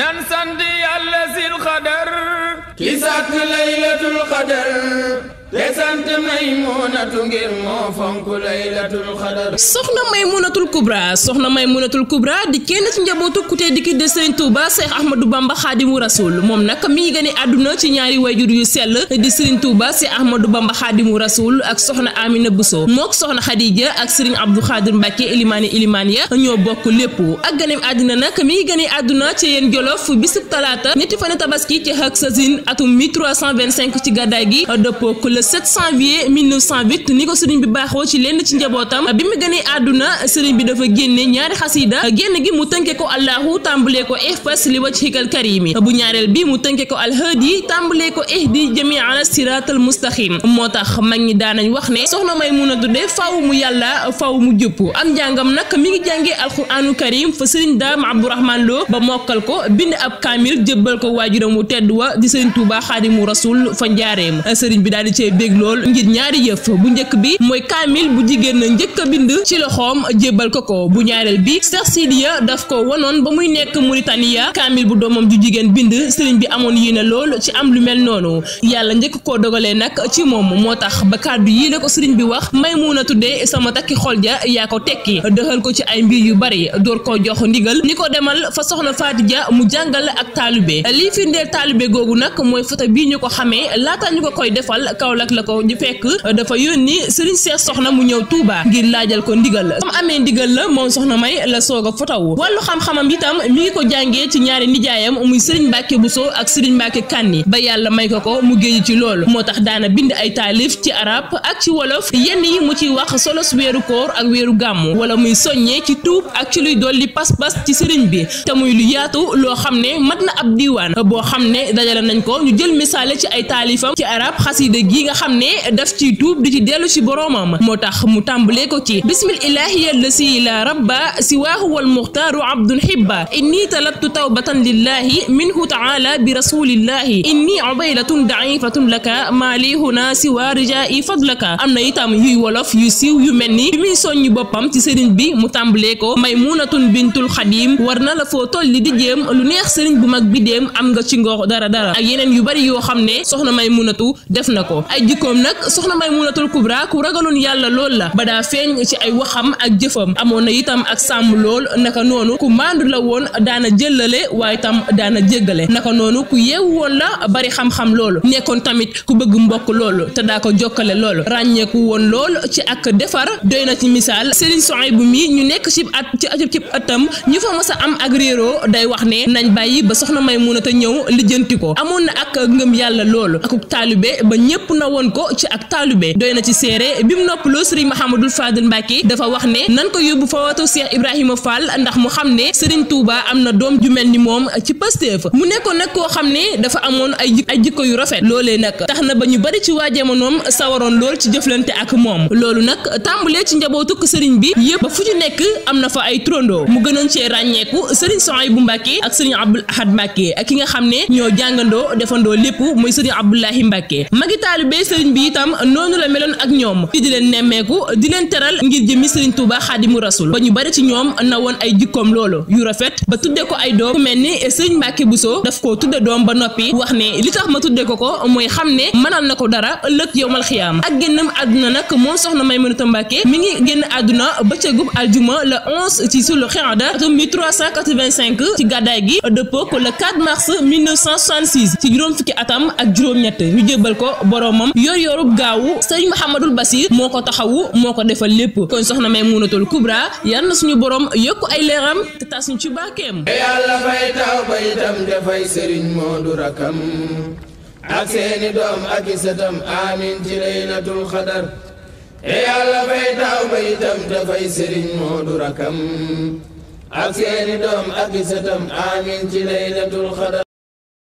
nan sant yàlla sil xadar ki sàkk laylatul xadar te sant Maymuunatu ngir moo fonk laylatul xadar soxna Maymuunatul Kubra soxna Maymuunatul Kubra di kenn ci njabootu ku tedd ki de Sëriñ Tuuba Seex Ahmadu Bamba Xaadimu Rasuul moom nag mi ngi gane àdduna ci ñaari jur yu sell di Sëriñ Tuuba Seex Ahmadu Bamba Xaadimu Rasuul ak soxna Amina Buso mook soxna Xadiija ak Sëriñ Abdu Xaadir Mbàkke Ilimaani Ilimaan ya ñoo bokk lépp ak ganeem àddina nag mi ngi gane àdduna ci yéen Jolof bisub talaata ñetti fane tabaski ci Hagsazin atum 1325 ci gàddaay gi 7 janvier 1908 ni ko sëriñ bi baaxoo ci lenn ci njabootam bi mu gënee àdduna sëriñ bi dafa génne ñaari xasida génn gi mu tënke ko allahu tàmbalee ko ihfas li wajhikal karimi bu ñaareel bi mu tënke ko alhaadi tàmbalee ko ihdi jamiana siratal mustaqim moo tax mag ñi daanañ wax ne soxna Maymuna Tudde faw mu yàlla faw mu jëpp ak njàngam nag mi ngi jàngee alquranu karim fa sëriñ daam abdourahman loo ba mokkal ko bind ab kaamil jëbbal ko waajuram wu tedd wa di sëriñ Tuuba xaadimu rasul fa njaareem sëriñ bi daal bég lool ngir ñaari yëf bu njëkk bi mooy kaamil bu jigéen na njëkk a bind ci loxoom jébbal ko ko bu ñaareel bi Cheikh ya daf ko wanoon ba muy nekk Mauritania kaamil bu doomam ju jigéen bind sëriñ bi amoon yéene lool ci am lu mel noonu yàlla njëkk koo dogalee nag ci moom moo tax ba kàddu yii la ko sëriñ bi wax may mun a tuddee sama takki xol ja yaa ko tekki dëxal ko ci ay mbir yu bari door koo jox ndigal ni ko demal fa soxna Faati Ja mu jàngal ak taalibe lii firndeel nag Kaolack la ko ñu fekk dafa yónni Serigne Cheikh Soxna mu ñëw Touba ngir laajal ko ndigal la am amee a fotaw wàllu xam-xamam itam mi ngi ko jàngee ci ñaari nijaayam muy Serigne Mbacke Bousso ak Serigne Mbacke Kanni ba yàlla may ko ko mu géej ci loolu moo tax daana bind ay taalif ci arab ak ci wolof yenn yi mu ciy wax solos weeru koor ak weeru gàmmu wala muy soññee ci tuub ak ci luy dolli pas-pas ci sëriñ bi te muy lu yaatu loo xam ne mat na ab diiwaan boo xam ne dajale nañ ko ñu jël misaale ci ay taalifam ci arab xasida gi ki nga xam ne daf ciy tuub di ci dellu ci boroomam moo tax mu tàmbalee ko ci bismillahi allasi la rabba siwaahu wal muxtaaru abdun xibba inni talabtu tawbatan lillahi minhu taala bi rasulillahi inni ubaylatun daifatun laka maali huna siwa rijai fadlaka am na itam yuy wolof yu siiw yu mel ni bi muy soññi boppam ci sëriñ bi mu tàmbalee ko maymunatun bintul xadim war na la foo li di jéem lu neex sëriñ bu mag bi déem am nga ci ngoox dara dara ak yeneen yu bari yoo xam ne soxna maymunatu def na ko ay jikkoom nag soxna Maymunatul Kubra ku ragaloon yàlla lool la ba daa feeñ ci ay waxam ak jëfam amoon na itam ak sàmm lool naka noonu ku maandu la woon daana jëllale waaye itam daana jéggale naka noonu ku yeewu woon la bari xam-xam loolu nekkoon tamit ku bëgg mbokk loolu te daa ko jokkale loolu ràññeeku woon lool ci ak defar doy na ci misaal Serigne Souhaïbou mii ñu nekk ci at ci at ci atam ñu fa mës am ak réeroo day wax ne nañ bàyyi ba soxna Maymunata ñëw lijjanti amoon na ak ngëm yàlla loolu ñeme woon ko ci ak taalube doy na ci séere bi mu noppaloo sëriñ Mahamadul Fadil Mbàkke dafa wax ne nan ko yóbbu fa watu Cheikh Ibrahima Fall ndax mu xam ne sëriñ Touba am na doom ju mel ni moom ci Pastef mu nekkoon nag koo xam ne dafa amoon ay ay jikko yu rafet loolee nag tax na ba ñu bari ci waa jamonoom sawaroon lool ci jëflante ak moom loolu nag tàmbulee ci njabootu sëriñ bi yëpp ba fu ñu nekk am na fa ay turandoo mu gënoon cee ràññeeku sëriñ Souhaïbou Mbàkke ak sëriñ Abdoul Ahad Mbàkke ak ki nga xam ne ñoo jàngandoo defandoo lépp muy sëriñ Abdoulahi Mbàkke boobee sëriñ bi itam noonu la meloon ak ñoom di leen nemmeeku di leen teral ngir jëmi sëriñ Touba xaadimu rasul ba ñu bari ci ñoom na woon ay jikkoom loolu yu rafet ba tuddee ko ay doom mel ni sëriñ Mbacke Bousso daf ko tudde doom ba noppi wax ne li tax ma tuddee ko ko mooy xam ne mënal na ko dara ëllëg yowmal xiyaam ak génnam àdduna nag moom soxna Maymunata Mbacke mi ngi génn àdduna bëccëgub aljuma le 11 ci sur le xeanda atum 1385 ci gàddaay gi dëppoo ko le 4 mars 1966 ci juróom fukki atam ak juróom-ñett ñu jébbal ko boroomam doomam yor yorub gaawu sëriñ Mouhamadul Basir moo ko taxawu moo ko defal lépp kon soxna Maymunatul Kubra yal na suñu borom yokk ay leeram te tas ci bàkkeem yàlla fay taw ba itam dafay sëriñ Moodu rakam ak seeni doom ak i amin ci laylatul xadar